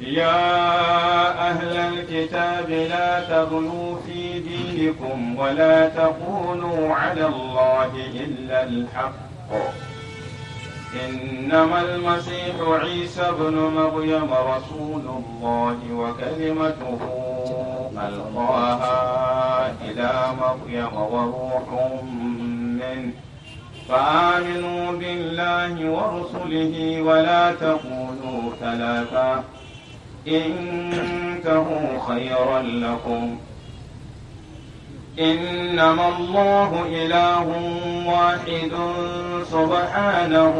يا أهل الكتاب لا تغلوا في دينكم ولا تقولوا على الله إلا الحق إنما المسيح عيسى بن مريم رسول الله وكلمته ألقاها إلى مريم وروح منه فآمنوا بالله ورسله ولا تقولوا ثلاثا إن تنتهوا خيرا لكم إنما الله إله واحد سبحانه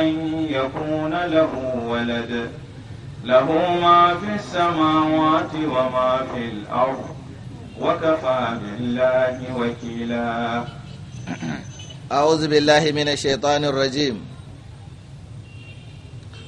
أن يكون له ولد له ما في السماوات وما في الأرض وكفى بالله وكيلا أعوذ بالله من الشيطان الرجيم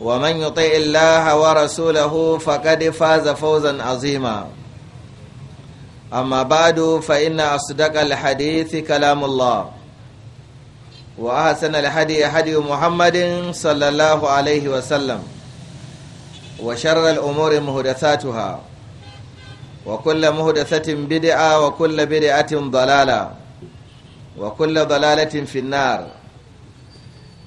ومن يطع الله ورسوله فقد فاز فوزا عظيما أما بعد فإن أصدق الحديث كلام الله وأحسن الحدي حدي محمد صلى الله عليه وسلم وشر الأمور مهدثاتها وكل مهدثة بدعة وكل بدعة ضلالة وكل ضلالة في النار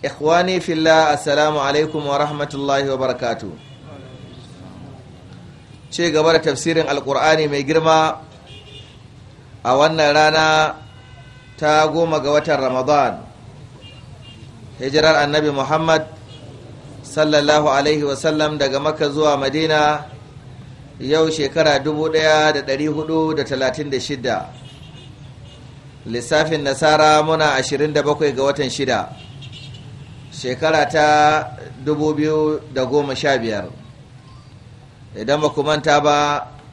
ikhwani fillah assalamu alaikum wa rahmatullahi wa barakatu ce gaba da tafsirin alkur'ani mai girma a wannan rana ta goma ga watan ramadan hijirar annabi muhammad sallallahu alaihi wasallam daga makka zuwa madina yau shekara 1436 lissafin nasara muna 27 ga watan shida shekara ta 2015 idan ba manta ba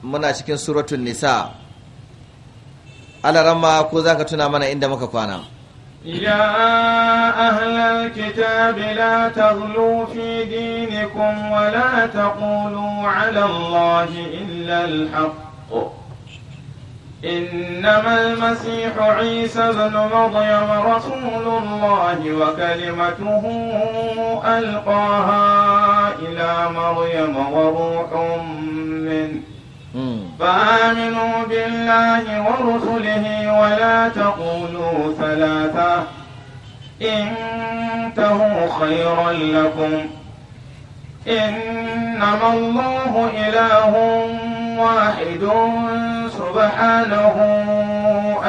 muna cikin suratun nisa alarama ko za ka tuna mana inda muka kwana يا أهل الكتاب لا تغلوا في دينكم ولا تقولوا على الله إلا الحق إنما المسيح عيسى بن مريم رسول الله وكلمته ألقاها إلى مريم وروح منه فآمنوا بالله ورسله ولا تقولوا ثلاثة انتهوا خيرا لكم إنما الله إله واحد سبحانه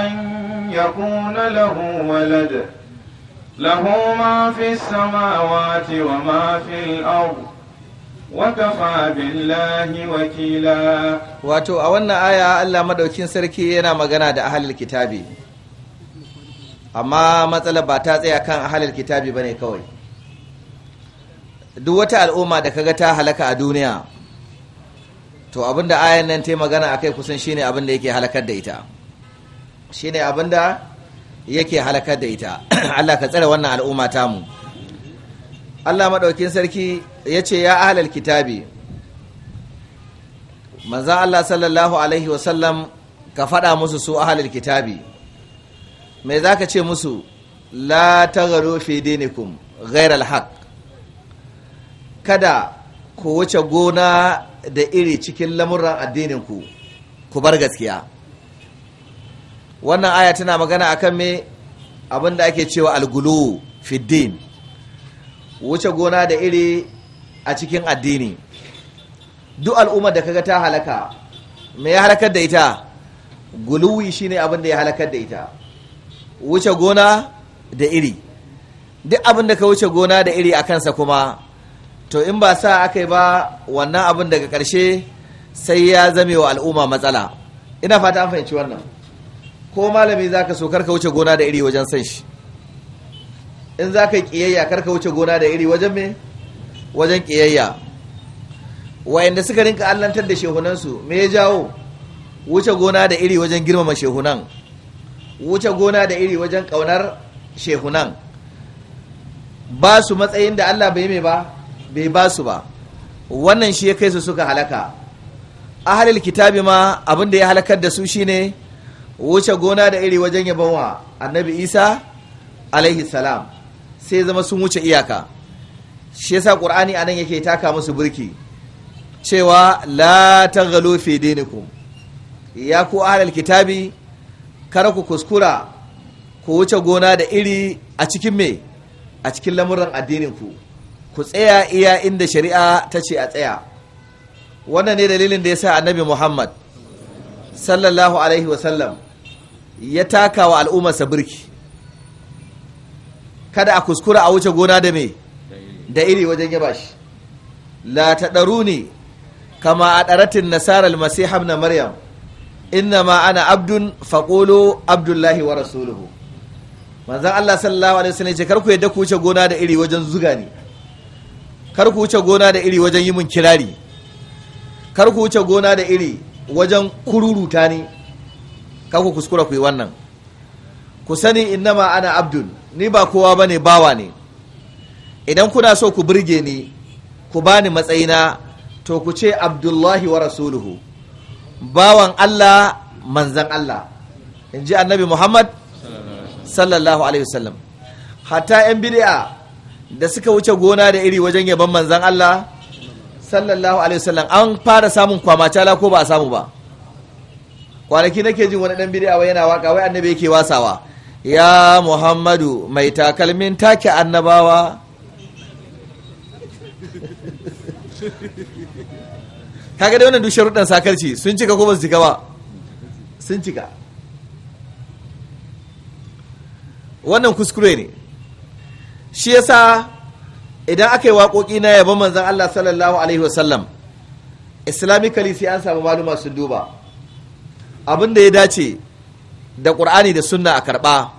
أن يكون له ولد له ما في السماوات وما في الأرض Wato, a wannan aya Allah madaukin sarki yana magana da ahalil kitabi amma matsala ba ta tsaya kan ahalil kitabi ba ne kawai duk wata al'umma da kaga ta halaka a duniya to abinda ayan nan ta magana akai kusan shine abinda yake halakar da ita shine abinda yake halakar da ita Allah ka tsare wannan al'umma ta mu. Allah madaukin sarki yace ya ahlal kitabi manzo Allah sallallahu alaihi wa sallam ka faɗa musu su ahlal kitabi me zaka ce musu la tagharu fi dinikum ghairal haqq kada ku wuce gona da iri cikin lamuran addininku ku bar gaskiya wannan aya tana magana akan me abin da ake cewa algulu fiddin wuce gona da iri a cikin addini duk al'ummar da kaga ta halaka me ya halakar da ita guluwi shine abin da ya halakar da ita wuce gona da iri duk abin da ka wuce gona da iri a kansa kuma to in ba sa aka yi ba wannan abin daga ƙarshe sai ya zame wa al'umma matsala ina fata an fahimci wannan ko malami za ka so karka wuce gona da iri wajen san shi in za ka yi ƙiyayya karka wuce gona da iri wajen me wajen ƙiyayya wayanda suka rinka allantar da shehunansu me ya jawo wuce gona da iri wajen girmama shehunan wuce gona da iri wajen ƙaunar shehunan ba su matsayin da allah bai mai ba bai ba su ba wannan shi ya kai su suka halaka ahalil kitabi ma abin da ya halakar da su shine wuce gona da iri wajen yabon wa annabi isa alaihi salam sai zama sun wuce iyaka shi yasa qur'ani anan yake taka musu burki cewa la taghalu fi dinikum ya ku ahalil kitabi kar ku kuskura ku wuce gona da iri a cikin me a cikin lamuran addinin ku ku tsaya iya inda shari'a ta ce a tsaya wannan ne dalilin da ya sa annabi muhammad sallallahu alaihi wasallam ya taka wa al'ummarsa birki kada a kuskura a wuce gona da me da iri wajen yaba shi la ta ɗaru ne kama a ɗaratin nasarar masiham na maryam inna ma ana abdun faƙolo abdullahi wa rasuluhu manzan allah sallallahu alaihi wasallam ce 'Kar ku yadda ku wuce gona da iri wajen zuga ne kar ku wuce gona da iri wajen yi min kirari kar ku wuce gona da iri wajen kururuta ni kar ku kuskura ku yi wannan ku sani innama ana abdul ni ba kowa ba bane bawa ne idan kuna so ku birge ni ku ba ni matsayina to ku ce abdullahi wa rasuluhu bawan allah manzan allah in ji annabi muhammad sallallahu alaihi wasallam hatta 'yan bid'a da suka wuce gona da iri wajen yaban manzan Allah sallallahu alaihi wasallam an fara samun kwamacala ko ba a samu ba kwanaki nake jin wani dan bid'a wai yana waka wai annabi yake wasawa ya muhammadu mai takalmin take annabawa kaga da wannan duk sharuɗan sakarci sun cika ko ba su cika ba sun cika wannan kuskure ne shi yasa idan aka yi waƙoƙi na yabon manzan Allah sallallahu alaihi wasallam islamically sai an samu maluma sun duba abinda da ya dace da ƙur'ani da sunna a karɓa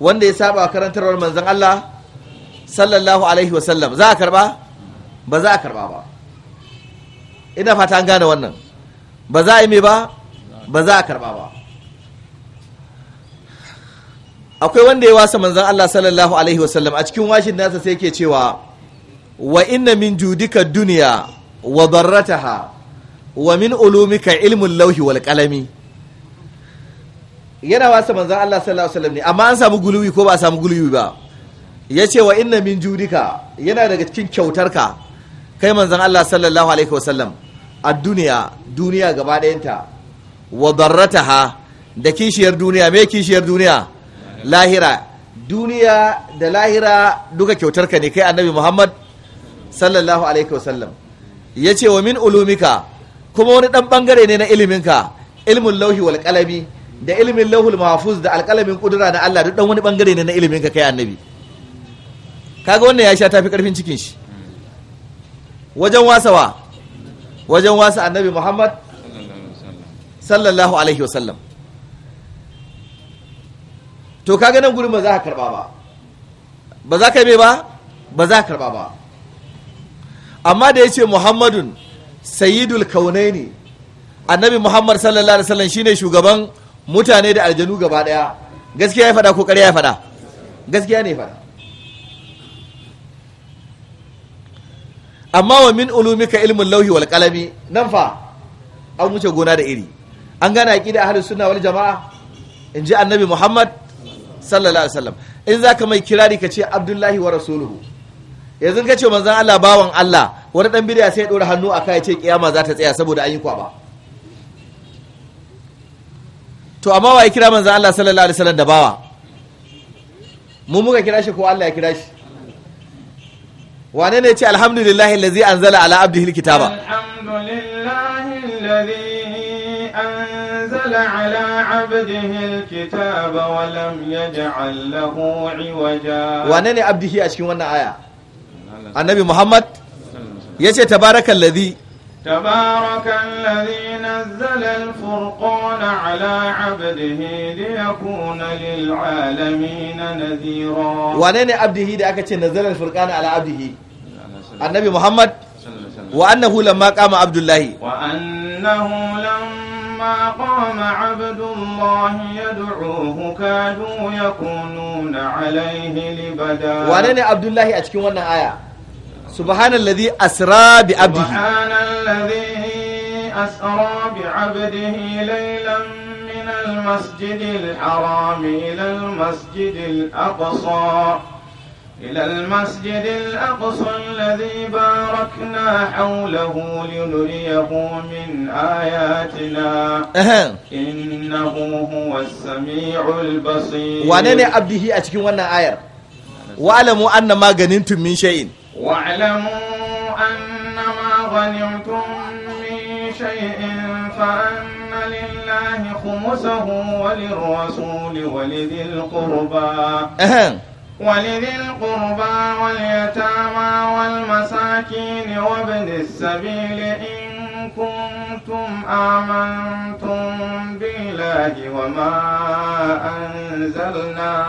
wanda ya saba karantarwar manzan Allah sallallahu alaihi wasallam za a karɓa ba za a karɓa ba ina fata an gane wannan ba za a yi mai ba ba za a karɓa ba akwai wanda ya wasa manzan Allah sallallahu alaihi wasallam a cikin washin nasa sai ke cewa wa inna min judika duniya wa darrataha wa min ulumika ilmin lauhi wal kalami yana wasa manzan Allah sallallahu alaihi wasallam ne amma an samu guluwi ko ba a samu guluwi ba ce, wa inna min judika yana daga cikin kyautarka kai manzan Allah sallallahu alaihi wasallam a duniya duniya gaba ɗayanta wa darrataha da kishiyar duniya me kishiyar duniya lahira duniya da lahira duka kyautar ka ne kai annabi muhammad sallallahu alaihi wasallam ya ce wa min ulumika kuma wani dan bangare ne na iliminka ilmin lauhi wal kalami da ilmin lauhul mahfuz da alkalamin kudura na Allah duk dan wani bangare ne na iliminka kai annabi kaga wannan ya sha tafi karfin cikin shi wajen wasawa wajen wasa annabi muhammad sallallahu alaihi wasallam to kaga nan gurin ba za ka karba ba ba za ka yi ba ba za ka karba ba amma da ya ce muhammadun sayyidul kaunai ne annabi muhammad sallallahu alaihi wasallam shine shugaban mutane da aljanu gaba daya gaskiya ya faɗa ko ƙarya ya faɗa gaskiya ne faɗa amma wa min ulumika ilmin lauhi wal qalami nan fa an wuce gona da iri an gane aqida ahlus sunna wal jamaa inji annabi muhammad sallallahu alaihi wasallam in ka mai kirari ka ce abdullahi wa rasuluhu yanzu ka ce manzan Allah bawan Allah wani dan bidiya sai ya dora hannu a kai ya ce kiyama za ta tsaya saboda an yi kwaba to amma wa ya kira manzan Allah sallallahu alaihi wasallam da bawa mu muka kira shi ko Allah ya kira shi wane ne ya ce alhamdulillahi allazi anzala ala abdihi alkitaba alhamdulillahi على عبده الكتاب ولم يجعل له wannan aya annabi muhammad yace tabarakal ladhi tabarakal ladhi nazzala al furqan abdihi da aka ce na al furqan ala abdihi annabi muhammad wa annahu lamma qama abdullahi wa annahu فلما قام عبد الله يدعوه كادوا يكونون عليه لبدا وانا عبد الله اتكي وانا آية سبحان الذي أسرى بعبده سبحان الذي أسرى بعبده ليلا من المسجد الحرام إلى المسجد الأقصى إلى المسجد الأقصى الذي باركنا حوله لنريه من آياتنا إنه هو السميع البصير وانين عبده أتكي وانا آير واعلموا أن ما غنمتم من شيء واعلموا أن ما غنمتم من شيء فأن لله خمسه وللرسول ولذي القربى ولذي القربى واليتامى والمساكين وابن السبيل إن كنتم آمنتم بالله وما أنزلنا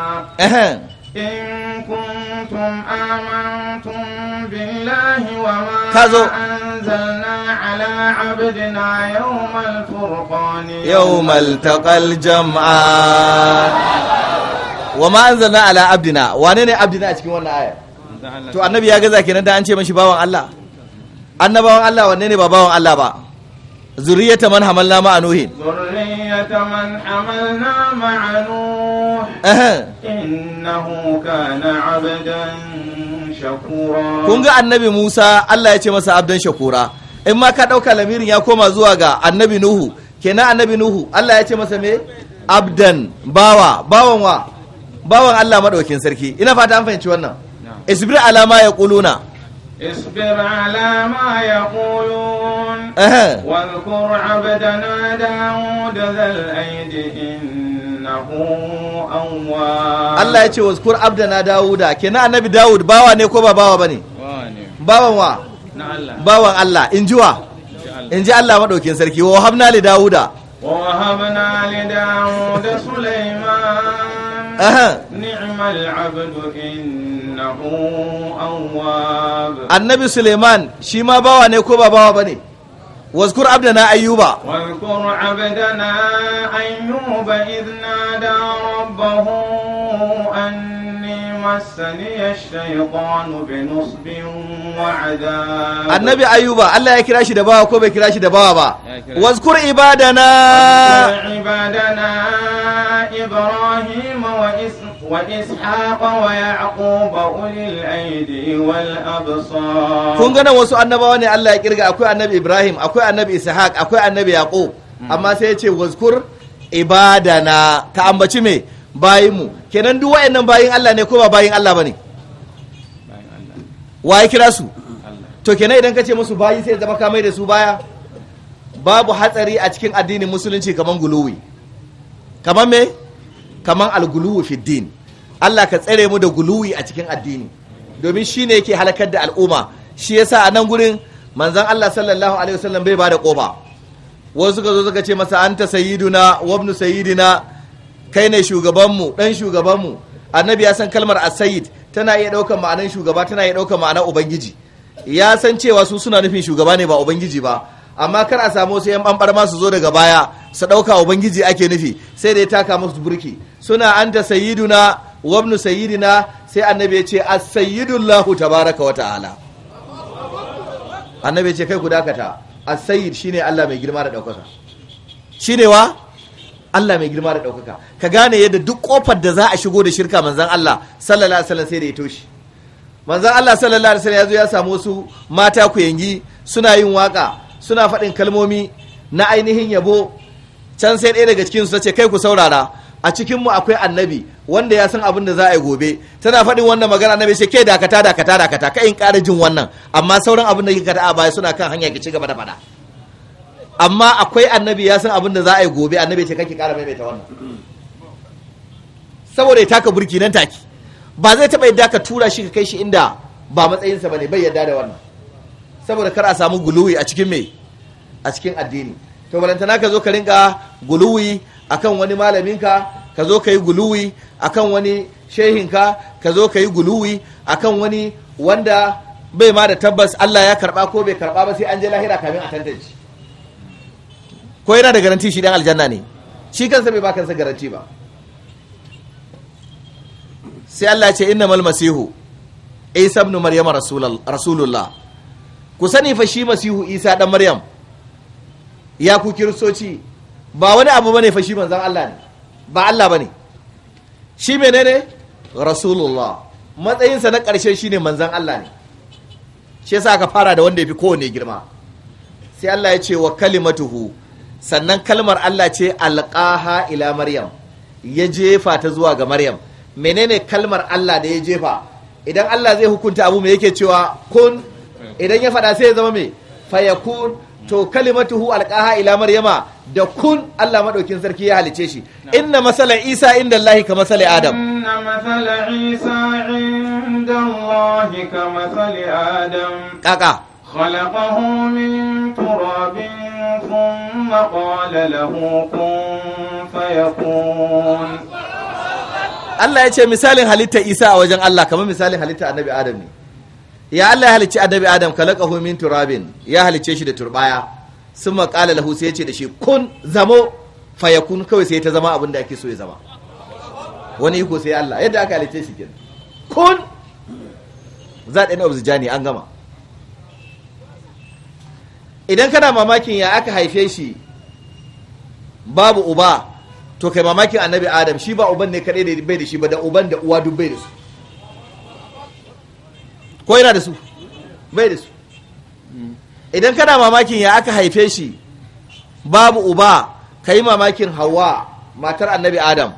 إن كنتم آمنتم بالله وما أنزلنا على عبدنا يوم الفرقان يوم التقى الجمعان wa ma an zanna ala abdina wane ne abdina a cikin wannan aya to annabi ya gaza kenan da an ce mashi bawan Allah annabawan Allah wanne ne ba bawan Allah ba zuriyata man hamalna ma anuhin zuriyata man hamalna ma anuh innahu kana abdan shakura kun ga annabi Musa Allah ya ce masa abdan shakura in ma ka dauka lamirin ya koma zuwa ga annabi Nuhu kenan annabi Nuhu Allah ya ce masa me abdan bawa bawan wa bawan Allah madaukin sarki ina fata an fahimci wannan isbir alama ya kuluna isbir alama ya kulun wadhkur abdana daud zal aidi innahu awwa Allah ya ce wadhkur abdana dauda kenan annabi daud bawa ne ko ba bawa bane bawan wa bawan Allah injiwa ji Allah madaukin sarki wa habna li dawuda. wa habna li dauda sulay annabi suleiman shi ma bawa ne ko ba bawa ba ne wazkur abdana ayyuba wazkur abdana ayyuba idh nada rabbahu anna مسني الشيطان بنصب وعذاب النبي أيوب الله يكرا شي دباوا كو بي كرا شي دباوا با واذكر عبادنا عبادنا إبراهيم وإسحاق وإسحاق ويعقوب أولي الأيدي والأبصار kun gana wasu annabawa ne Allah ya kirga akwai annabi Ibrahim akwai annabi Ishaq akwai annabi Yaqub amma sai ya ce wazkur ibadana ka ambaci me bayinmu kenan duk wayannan bayin Allah ne ko ba bayin Allah bane wa ya kira su to kenan idan ka ce musu bayi sai zama ka mai da su baya babu hatsari a cikin addinin musulunci kaman guluwi kaman me kaman alguluwi fi din Allah ka tsare mu da guluwi a cikin addini domin shine yake halakar da al'umma shi yasa a nan gurin manzon Allah sallallahu alaihi wasallam bai bada koba wasu ka zo suka ce masa anta sayyiduna wa ibnu sayyidina kai ne shugabanmu Ɗan shugabanmu annabi ya san kalmar asayid tana iya ɗaukar ma'anar shugaba tana iya ɗaukar ma'anar ubangiji ya san cewa su suna nufin shugaba ne ba ubangiji ba amma kar a samu wasu yan bambar ma su zo daga baya su ɗauka ubangiji ake nufi sai da ya taka musu burki suna anta sayyiduna wa ibn sayyidina sai annabi ya ce as-sayyidullahu tabaraka wa ta'ala annabi ya ce kai ku dakata as-sayyid shine Allah mai girma da Shi shine wa Allah mai girma da ɗaukaka ka gane yadda duk ƙofar da za a shigo da shirka manzan Allah sallallahu alaihi wasallam sai da ya toshi manzan Allah sallallahu alaihi wasallam ya zo ya samu wasu mata ku yangi suna yin waka suna faɗin kalmomi na ainihin yabo can sai ɗaya daga cikin su ce kai ku saurara a cikin mu akwai annabi wanda ya san abin da za a yi gobe tana faɗin wannan magana annabi ce kai dakata dakata dakata kai in ƙara jin wannan amma sauran abin da kika da a baya suna kan hanya ki ci gaba da faɗa amma akwai annabi ya san abin da za a yi gobe annabi ce kake kara maimaita wannan saboda ya taka burki nan take ba zai taba yadda ka tura shi ka kai shi inda ba matsayinsa ba ne bai yadda da wannan saboda kar a samu guluwi a cikin mai a cikin addini to balanta ka zo ka rinka guluwi akan wani malaminka ka zo ka yi guluwi akan wani shehinka ka zo ka yi guluwi akan wani wanda bai ma da tabbas Allah ya karba ko bai karba ba sai an je lahira kamin a tantance ko yana da garanti shi dan aljanna ne shi kansa bai ba kansa garanti ba sai Allah ce mal masihu isa ibn Maryam rasulullah ku sani fa shi masihu isa dan maryam ya ku kiristoci ba wani abu bane fa shi manzon Allah ne ba Allah bane shi menene rasulullah matsayinsa na ƙarshe shine manzon Allah ne shi yasa aka fara da wanda ya fi kowane girma sai Allah ya ce wa kalimatuhu sannan kalmar Allah ce alƙaha ila maryam ya jefa ta zuwa ga maryam menene kalmar Allah da ya jefa idan Allah zai hukunta abu mai yake cewa kun idan ya faɗa sai ya zama mai fayakun to kalimatuhu alqaha ila maryama da kun Allah madaukin sarki ya halice shi inna masalan isa inda Allah ka masalan adam inna masalan isa inda Allah ka masalan adam kaka خلقه من تراب ثم قال له كن فيكون Allah ya ce misalin halitta Isa a wajen Allah kamar misalin halitta annabi Adam ne. Ya Allah ya halicci annabi Adam kalaqahu min turabin ya halicce shi da turbaya sun qala lahu sai ya ce da shi kun zamo fayakun kawai sai ta zama abin da ake so ya zama. Wani iko sai Allah yadda aka halicce shi kin. Kun za ɗaya na obzijani an gama. idan kana mamakin ya aka haife shi babu uba to kai mamakin annabi adam shi ba uban ne kaɗai da bai da shi ba da uban da uwa duk bai da su ko yana da su bai da su idan kana mamakin ya aka haife shi babu uba ka yi mamakin hawa matar annabi adam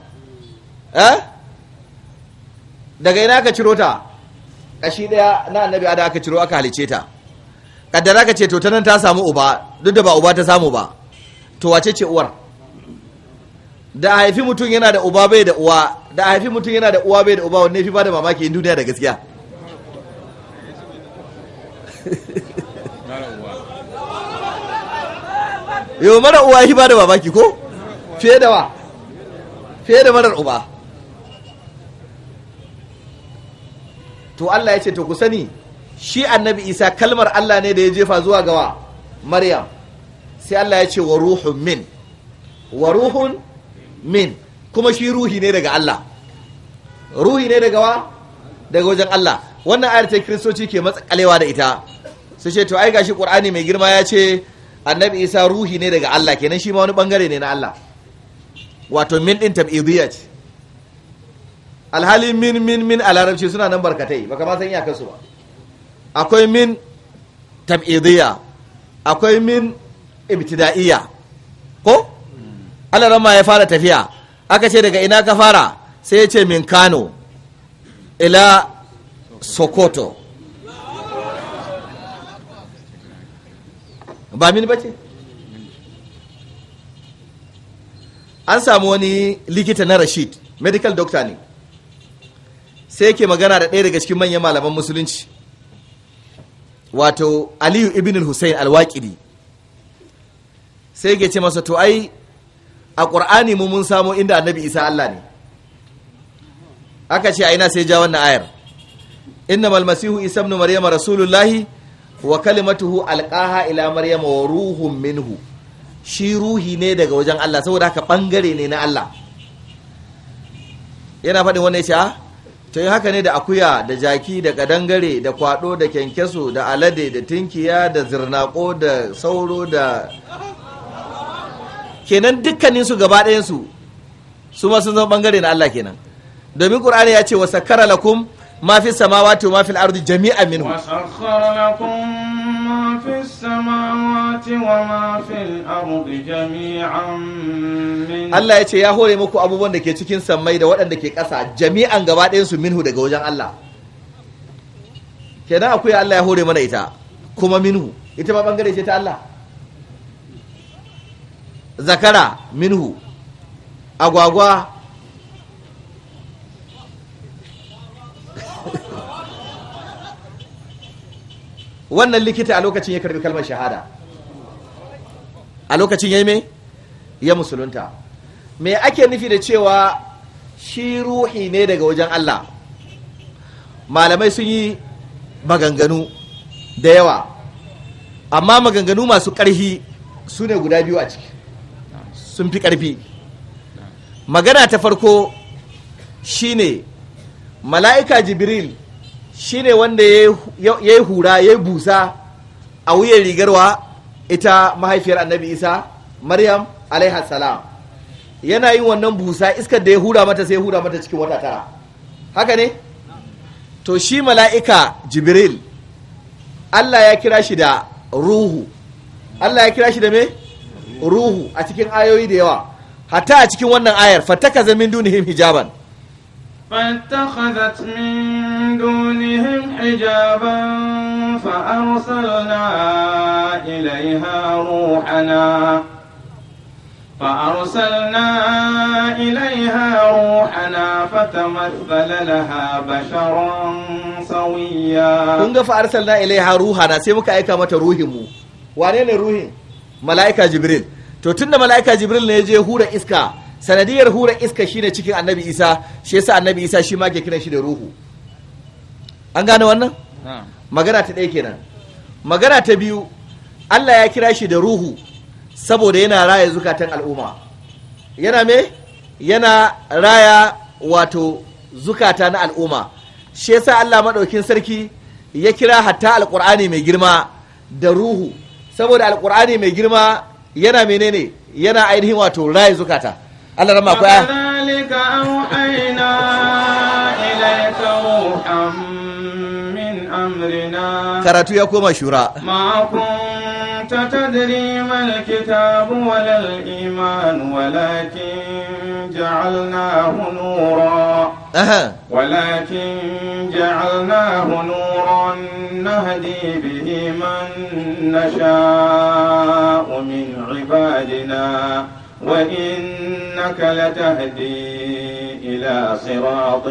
eh daga ina aka ciro ta ƙashi ɗaya na annabi adam aka ciro aka halice ta kaddara ka ce to ta nan ta samu uba duk da ba uba ta samu ba to wace ce uwar da a haifi mutum yana da uba bai da uwa da a haifi mutum yana da uwa bai da uba wanne fi ba da mamaki in duniya da gaskiya yau mara uwa ya fi ba da mamaki ko fiye da wa fiye da marar uba to Allah ya ce to ku sani shi annabi isa kalmar allah ne da ya jefa zuwa gawa maryam sai allah ya ce wa ruhun min wa ruhun min kuma shi ruhi ne daga allah ruhi ne daga wa daga wajen allah wannan ayar ta kiristoci ke matsakalewa da ita sai ce to ai gashi qur'ani mai girma ya ce annabi isa ruhi ne daga allah kenan shi ma wani bangare ne na allah wato min din tab'idiyya ce alhali min min min a larabci suna nan barkatai baka ma san iyakarsu ba akwai min tab'idiyya akwai min ibtida'iyya ko Allah ya fara tafiya aka ce daga ina ka fara sai ya ce min Kano ila Sokoto ba min bace an samu wani likita na Rashid medical doctor ne sai yake magana da ɗaya daga cikin manyan malaman musulunci wato aliyu ibn hussein alwaƙidi sai ke ce masa to ai a ƙur'ani mu mun samu inda annabi isa allah ne aka ce aina sai ja wannan ayar inna malmasihu isa ibn maryama rasulullahi wa kalimatuhu alqaha ila maryama wa ruhun minhu shi ruhi ne daga wajen allah saboda haka ɓangare ne na allah yana faɗin wannan ya ce ah, to yi haka ne da akuya da jaki da kadangare da kwado da kyankyaso da alade da tinkiya da zirnako da sauro da kenan dukkaninsu gaba su ma sun zama bangare na Allah kenan domin Qur'ani ya ce wa sakkara lakum ma fi samawati wa ma fil ardi jami'an minhu Safin saman wa tewa, mafin a bude jami'an min. Allah ya ce ya hore muku abubuwan da ke cikin samai da waɗanda ke ƙasa jami'an gaba ɗayansu minhu daga wajen Allah. kenan akwai Allah ya hore mana ita, kuma minhu. Ita ma ɓangare ce ta Allah. Zakara, minhu. Agwagwa. wannan likita a lokacin ya karbi kalmar shahada a lokacin ya yi mai ya musulunta me ake nufi da cewa shi ruhi ne daga wajen Allah malamai sun yi maganganu da yawa amma maganganu masu ƙarfi su ne guda biyu a ciki sun fi ƙarfi magana ta farko shine mala'ika jibril Shi ne wanda ya yi hura ya yi busa a wuyan rigarwa ita mahaifiyar annabi isa maryam alaihi salam yana yin wannan busa iskar da ya hura mata sai ya hura mata cikin wata tara haka ne to shi mala'ika jibril allah ya kira shi da ruhu allah ya kira shi da me ruhu a cikin ayoyi da yawa hatta a cikin wannan ayar fataka zamin dunihim hijaban فاتخذت من دونهم حجابا فأرسلنا إليها روحنا فأرسلنا إليها روحنا فتمثل لها بشرا سويا كنت فأرسلنا إليها روحنا سيبك أيكا متى روحهم وانين روحهم ملائكة جبريل تو تند ملائكة جبريل نيجي هورا إسكا sanadiyar hura iska shine cikin annabi isa shi yasa annabi isa shi ma ke kiran shi da ruhu an gane wannan magana ta ɗaya kenan magana ta biyu allah ya kira shi da ruhu saboda yana raya zukatan al'umma yana me yana raya wato zukata na al'umma shi yasa allah maɗaukin sarki ya kira hatta alƙur'ani mai girma da ruhu saboda alƙur'ani mai girma yana menene yana ainihin wato raya zukata Allah rama akwai aya kadhalika auhayna ilayka ruham min amrina karatu ya koma shura ma kunta tadri mal kitab wal iman walakin ja'alnahu nura ولكن جعلناه نورا نهدي به من نشاء من عبادنا وإن إنك لتهدي إلى صراط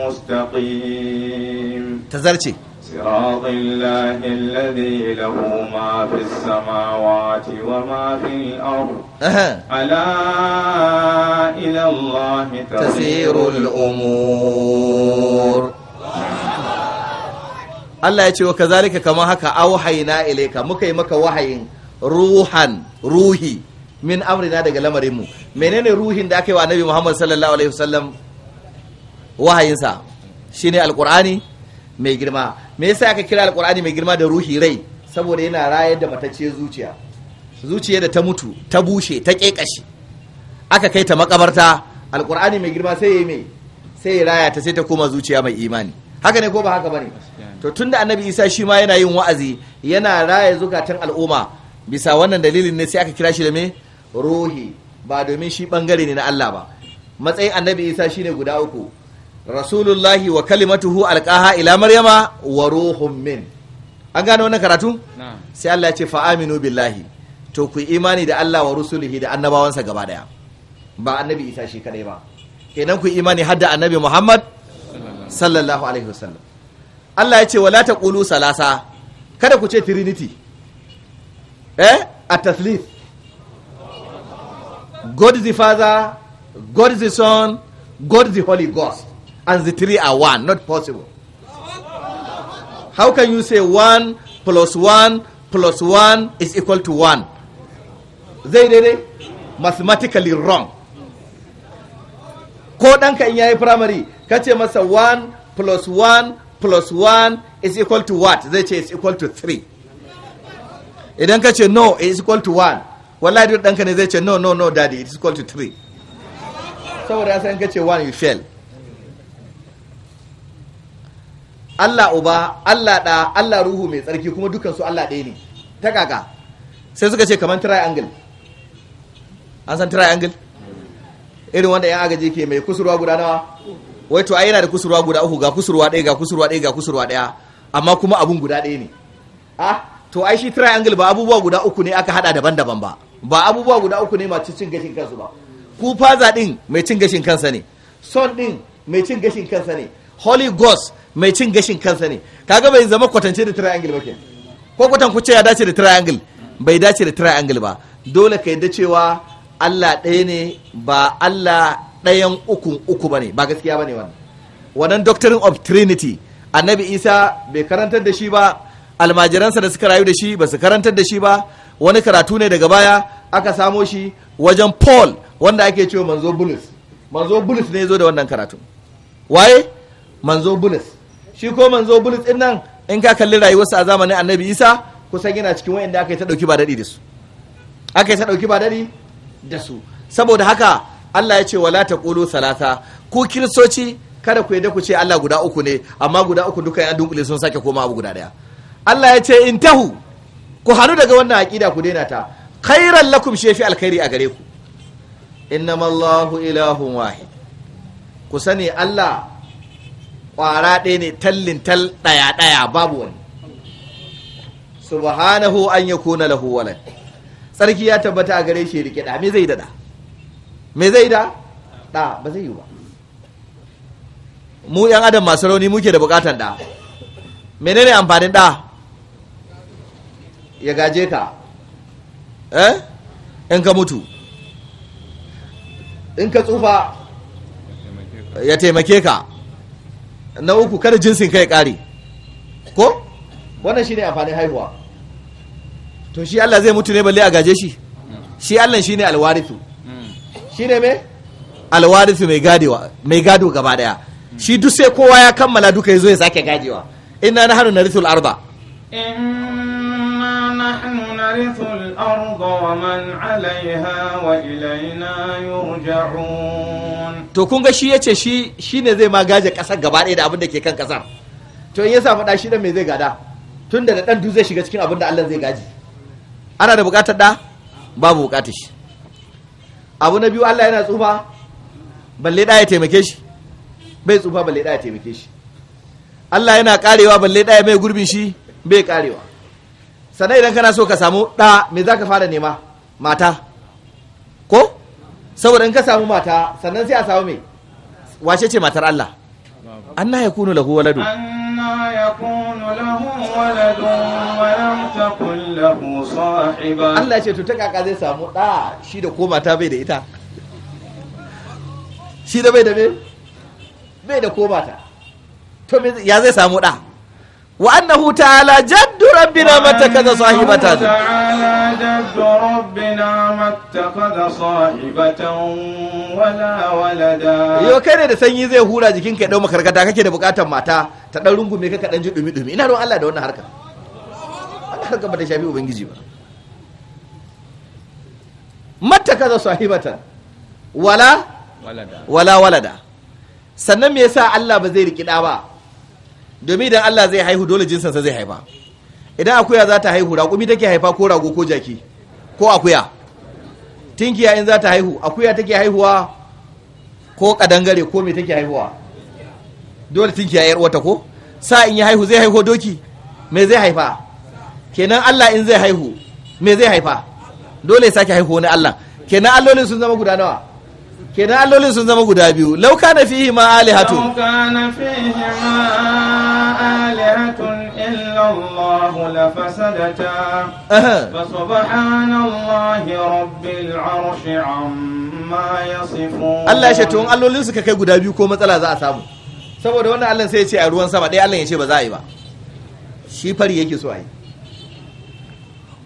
مستقيم تزرتي صراط الله الذي له ما في السماوات وما في الأرض ألا إلى الله تسير الأمور Allah ya ce wa kazalika kama haka auhaina ilaika muka yi maka wahayin ruhan ruhi min amrina daga lamarin mu menene ruhin da aka yi wa annabi Muhammad sallallahu alaihi wasallam wahayinsa shine alqur'ani mai girma me yasa aka kira alqur'ani mai girma da ruhi rai saboda yana rayar da matacce zuciya zuciya da ta mutu ta bushe ta kekashi aka kai ta makabarta alqur'ani mai girma sai yayi mai sai ya raya ta sai ta koma zuciya mai imani haka ne ko ba haka bane to tunda annabi Isa shi ma yana yin wa'azi yana raya zukatan al'umma bisa wannan dalilin ne sai aka kira shi da me ruhi ba domin shi bangare ne na Allah ba matsayin annabi isa shine guda uku rasulullahi wa kalimatuhu alqaha ila maryama wa ruhum min an gane wannan karatu sai Allah ya ce fa aminu billahi to ku imani da Allah wa rusulihi da annabawansa gaba daya ba annabi isa shi kadai ba kenan ku imani hadda annabi Muhammad sallallahu alaihi wasallam Allah ya ce wala taqulu salasa kada ku ce trinity eh at-tathlith God is the Father, God is the Son, God is the Holy Ghost. And the three are one. Not possible. How can you say one plus one plus one is equal to one? They did it mathematically wrong. Ko ɗanka in yayi primary, ka masa one plus one plus one is equal to what? They ce equal to three. Idan ka ce no, it is equal to one. wallahi duk ɗanka ne zai ce no no no daddy it is equal to three saboda san ka ce one you fail Allah uba Allah ɗa Allah ruhu mai tsarki kuma dukansu Allah ɗaya ne ta kaka sai suka ce kamar triangle an san triangle irin wanda yan agaji ke mai kusurwa guda nawa wai to ai yana da kusurwa guda uku ga kusurwa ɗaya ga kusurwa ɗaya ga kusurwa ɗaya amma kuma abun guda ɗaya ne ah to ai shi triangle ba abubuwa guda uku ne aka hada daban-daban ba ba abubuwa guda uku ne masu cin gashin kansu ba Kufa zaɗin mai cin gashin kansa ne son ɗin mai cin gashin kansa ne holy ghost mai cin gashin kansa ne kaga bai zama kwatance da triangle ba ke ko kwatan kuce ya dace da triangle bai dace da triangle ba dole ka yadda cewa Allah ɗaya ne ba Allah ɗayan uku uku ba ne ba gaskiya ba ne wannan wannan doctrine of trinity annabi isa bai karantar da shi ba almajiransa da suka rayu da shi ba su karantar da shi ba wani karatu ne daga baya aka samo shi wajen paul wanda ake cewa manzo bulus manzo bulus ne zo da wannan karatu waye manzo bulus shi ko manzo bulus din nan in ka kalli rayuwarsa a zamanin annabi isa kusan yana cikin wayanda aka yi ta dauki ba dadi da su aka yi ta dauki ba dadi da su saboda haka Allah ya ce wala taqulu salasa ku kiristoci kada ku yadda ku ce Allah guda uku ne amma guda uku duka ya dunkule sun sake koma abu guda daya Allah ya ce in tahu. ku haɗu daga wannan aƙida ku daina ta kairan lakum shefi alkhairi a gare ku innama Allahu ilahun wahi ku sani Allah ƙwara ɗaya ne tallin tal ɗaya ɗaya babu wani subhanahu an yakuna lahu walad sarki ya tabbata a gare shi rike da me zai da me zai da da ba zai yi ba mu yan adam masu rauni muke da bukatan da menene amfanin da ya gaje ka eh in ka mutu in ka tsufa ya taimake ka na uku kada jinsin kai kare ko wannan shine amfanin haihuwa to shi Allah zai mutu ne balle a gaje shi shi Allah shine alwarithu shine me alwarithu mai gadewa mai gado gaba daya shi duk sai kowa ya kammala duka yazo ya sake gadewa inna nahnu narithul arda يرث الأرض ومن عليها وإلينا يرجعون to kun ga shi شي shi shine zai ما غاجا kasar غبا ɗaya da abin da ke kan kasar to in ya شي دا shi زي غادا zai gada tun da dan du zai shiga cikin abin da Allah zai gaji ana da bukatar da babu bukatar shi abu na biyu Allah yana tsufa balle da ya taimake shi bai tsufa balle da ya taimake shi Allah yana karewa balle da ya mai gurbin shi bai karewa sannan idan kana so ka samu ɗa me za ka fara nema mata ko saboda in ka samu mata sannan sai a samu me wace ce matar Allah an ya kunu ya kunu lahu waladu Allah ce to ta kaka zai samu ɗa shi da ko mata bai da ita shi da bai da bai da ko mata to ya zai samu ɗa وأنه تعالى جد ربنا ما اتخذ صاحبة تعالى جد ربنا ما اتخذ صاحبة ولا ولدا يو كان da sanyi zai hura jikin ka dau makarkata kake da bukatar mata ta dan rungume ka ka dan ji dumi dumi ina don Allah da wannan harka wannan harka bata shafi ubangiji ba mattakaza sahibatan wala walada wala walada sannan me yasa Allah ba zai riki da ba domin idan Allah zai haihu dole jinsansa zai haifa idan akuya za ta haihu raƙumi take haifa ko rago ko jaki ko akuya tinkiya in za ta haihu akuya take haihuwa ko kadangare ko me take haihuwa dole tinkiya yar wata ko sa in ya haihu zai haihu doki me zai haifa kenan Allah in zai haihu me zai haifa dole ya sake haihu wani Allah kenan allolin sun zama guda nawa kenan allolin sun zama guda biyu lauka na fihi ma alihatu lauka na fihi ma آلهة إلا الله لفسدتا فسبحان الله رب العرش عما يصفون الله ya ce to in allolin suka kai guda biyu ko matsala za a samu saboda wannan Allah sai ya ce a ruwan sama ɗaya Allah ya ce ba za a yi ba shi fari yake so a yi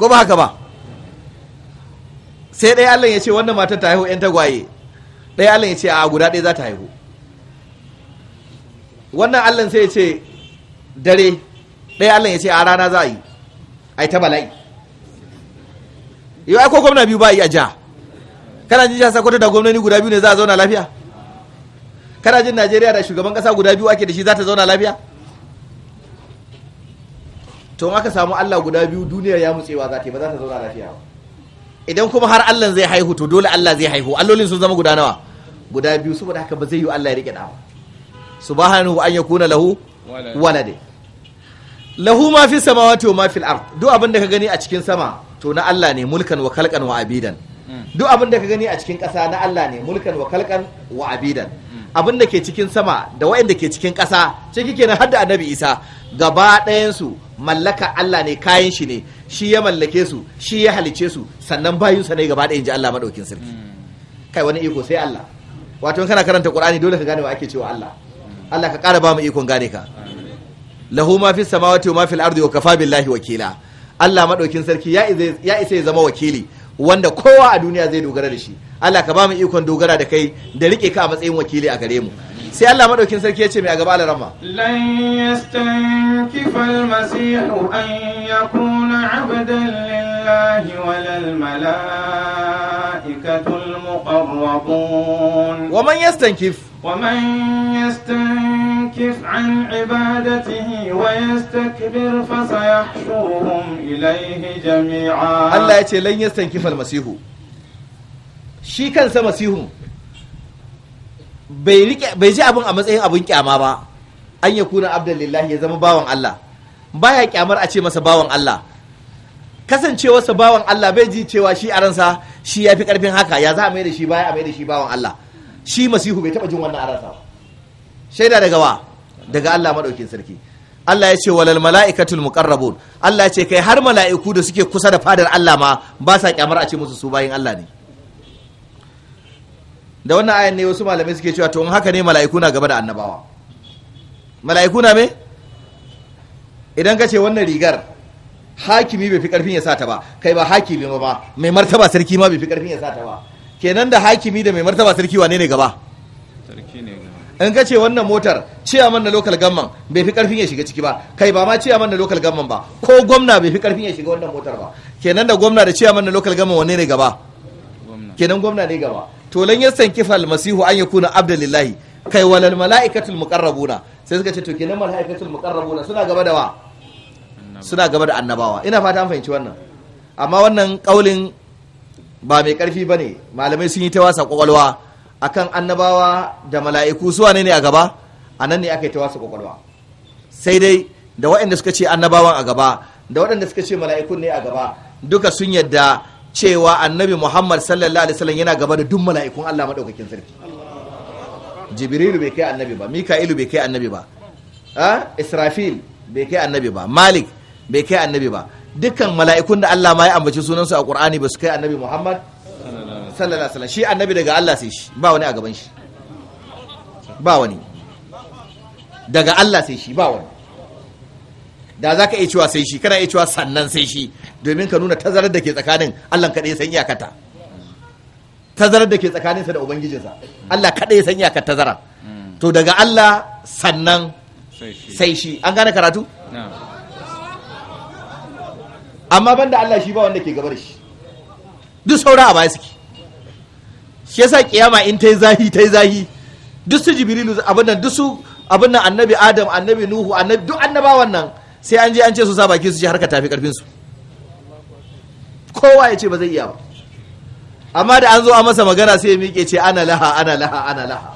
ko ba haka ba sai ɗaya Allah ya ce wannan matar ta haihu 'yan tagwaye ɗaya Allah ya ce a guda ɗaya za ta haihu wannan Allah sai ya ce dare ɗaya allah ya ce a rana za a yi a yi ta bala'i yau ai ko gwamna biyu ba yi a jiya kana jin jasa kwata da gwamnoni guda biyu ne za a zauna lafiya kana jin najeriya da shugaban kasa guda biyu ake da shi za ta zauna lafiya to aka samu allah guda biyu duniyar ya mutsewa za ta ba za ta zauna lafiya idan kuma har allah zai haihu to dole allah zai haihu allolin sun zama guda nawa guda biyu saboda haka ba zai yi allah ya rike da subhanahu an yakuna lahu walade lahu ma fi samawati wa ma fil ard duk abin da ka gani a cikin sama to na Allah ne mulkan wa kalkan wa abidan hmm. duk abin da ka gani a cikin ƙasa na Allah ne mulkan wa kalkan wa abidan hmm. abin da ke cikin sama da waɗanda ke cikin ƙasa ciki kenan na hadda annabi isa gaba su mallaka allah ne kayan shi ne shi ya mallake su shi ya halice su sannan bayinsa ne gaba ɗayan ji allah madaukin sarki hmm. kai wani iko sai allah wato kana karanta qur'ani dole ka gane wa ake cewa allah Allah ka ƙara ba mu ikon gane ka lahu ma fi samawati wa ma fil ardi wa kafa billahi wakila Allah madaukin sarki ya isa ya zama wakili wanda kowa a duniya zai dogara da shi Allah ka ba mu ikon dogara da kai da rike ka a matsayin wakili a gare mu sai Allah madaukin sarki ya ce mai a gaba rama. lan yastankifa wa man ومن يستنكف عن عبادته ويستكبر فسيحشرهم إليه جميعا الله يتي لن يستنكف المسيح shi كان masihun bai ji abin a matsayin abin kyama ba an ya kuna abdullahi ya zama bawan Allah baya kyamar a ce masa bawan Allah kasancewarsa bawan Allah bai ji cewa shi a ransa shi ya fi karfin haka ya za a mai da shi baya a mai da shi bawan Allah shi masihu bai taba jin wannan arasa shaida daga wa daga Allah madaukin sarki Allah ya ce walal mala'ikatul muqarrabun Allah ya ce kai har mala'iku da suke kusa da fadar Allah ma ba sa kyamar a ce musu su bayin Allah ne da wannan ayan ne wasu malamai suke cewa to in haka ne mala'iku na gaba da annabawa mala'iku na me idan ka ce wannan rigar hakimi bai fi karfin ya sata ba kai ba hakimi ba mai martaba sarki ma bai fi karfin ya sata ba kenan da hakimi da mai martaba sarki wane ne gaba Sarki ne in ka ce wannan motar ciyaman na local gamman bai fi karfin ya shiga ciki ba kai ba ma ciyaman na local gamman ba ko gwamna bai fi karfin ya shiga wannan motar ba kenan da gwamna da ciyaman na local gamman wane ne gaba kenan gwamna ne gaba to lan yasan kifal masihu an yakuna abdulillahi kai walal mala'ikatul muqarrabuna sai suka ce to kenan mala'ikatul muqarrabuna suna gaba da wa suna gaba da annabawa ina fata an fahimci wannan amma wannan kaulin ba mai karfi ba ne malamai sun yi ta wasa kwakwalwa akan annabawa da mala'iku suwa ne a gaba a nan ne aka yi ta wasa kwakwalwa sai dai da waɗanda suka ce annabawan a gaba da waɗanda suka ce mala'ikun ne a gaba duka sun yadda cewa annabi muhammad sallallahu alaihi wasallam yana gaba da duk mala'ikun allah maɗaukakin sarki jibrilu bai kai annabi ba mika'ilu bai kai annabi ba ah, israfil bai kai annabi ba malik bai kai annabi ba dukkan mala'ikun da Allah ma ya ambaci sunansu a Qur'ani ba su kai annabi Muhammad sallallahu alaihi wasallam shi annabi daga Allah sai shi ba wani a gaban shi ba wani daga Allah sai shi ba wani da za ka iya cewa sai shi kana iya cewa sannan sai shi domin ka nuna tazarar da ke tsakanin Allah kaɗai san iyakata tazarar da ke tsakaninsa da ubangijinsa Allah kaɗai san iyakar tazara hmm. to daga Allah sannan sai shi an gane karatu amma banda Allah shi ba wanda ke gabar shi duk saura a baya suke shi yasa kiyama in ta yi zahi ta yi zahi duk su jibrilu abin nan duk su abin nan annabi adam annabi nuhu annabi duk annabawan nan sai an je an ce su sa baki su ji harka tafi karfin su kowa ya ce ba zai iya ba amma da an zo a masa magana sai ya miƙe ce ana laha ana laha ana laha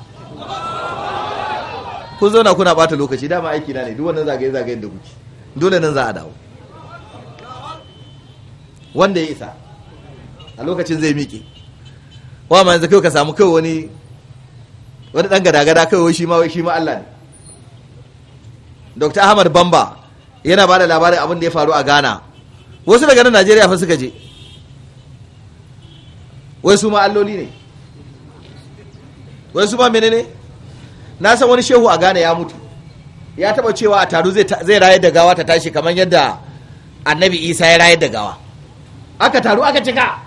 kun zauna kuna bata lokaci dama aiki na ne duk wannan zagaye zagayen da kuke dole nan za a dawo wanda ya isa a lokacin zai miƙe wa ma yanzu kai ka samu kai wani wani dan gadagada kai wai shi ma wai shi ma Allah ne Dr. Ahmad Bamba yana bada labarin abin da ya faru a Ghana wasu daga nan Najeriya fa suka je wai su ma alloli ne wai su ma menene na san wani shehu a Ghana ya mutu ya taba cewa a taro zai rayar da gawa ta tashi kamar yadda annabi isa ya rayar da gawa aka taru aka cika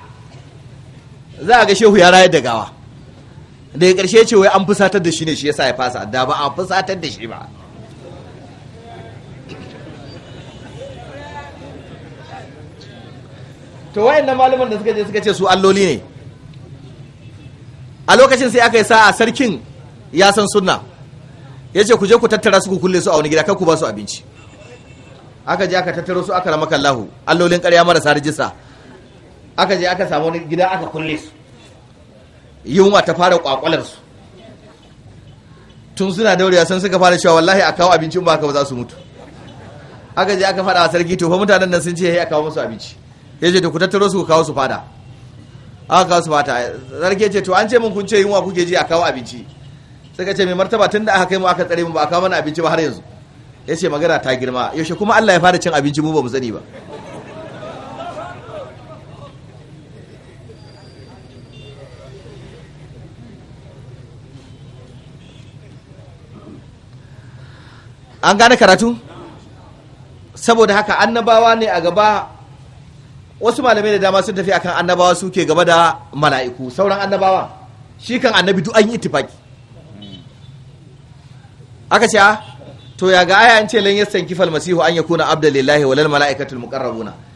za a ga shehu ya rayar da gawa daga ƙarshe ce wai an fusatar da shi ne shi yasa ya fasa da ba a fusatar da shi ba to na malaman da suka je suka ce su alloli ne a lokacin sai aka yi sa'a sarkin ya san sunna ya ce ku je ku tattara su ku kulle su a wani gida kan ku ba su abinci aka je aka tattaro su aka rama kallahu allolin ƙarya marasa rijista aka je aka samu gida aka kulle su yunwa ta fara kwakwalar su tun suna daurewa sun suka fara cewa wallahi a kawo abincin ba ka ba za su mutu aka je aka fada a sarki to fa mutanen nan sun ce ya kawo musu abinci ya ce to ku tattaro su ku kawo su fada aka kawo su fata sarki ce to an ce min kun ce yunwa kuke ji a kawo abinci suka ce mai martaba tun da aka kai mu aka tsare mu ba a kawo mana abinci ba har yanzu ya ce magana ta girma yaushe kuma Allah ya fara cin abinci mu ba mu sani ba an gane karatu saboda haka annabawa ne a gaba wasu malamai da dama sun tafi akan annabawa suke gaba da mala'iku sauran annabawa shi kan annabi duk an yi itifaki aka ce ah, to ya ga aya an ce lan yastanki fal masihu an yakuna abdalillahi walal mala'ikatul muqarrabuna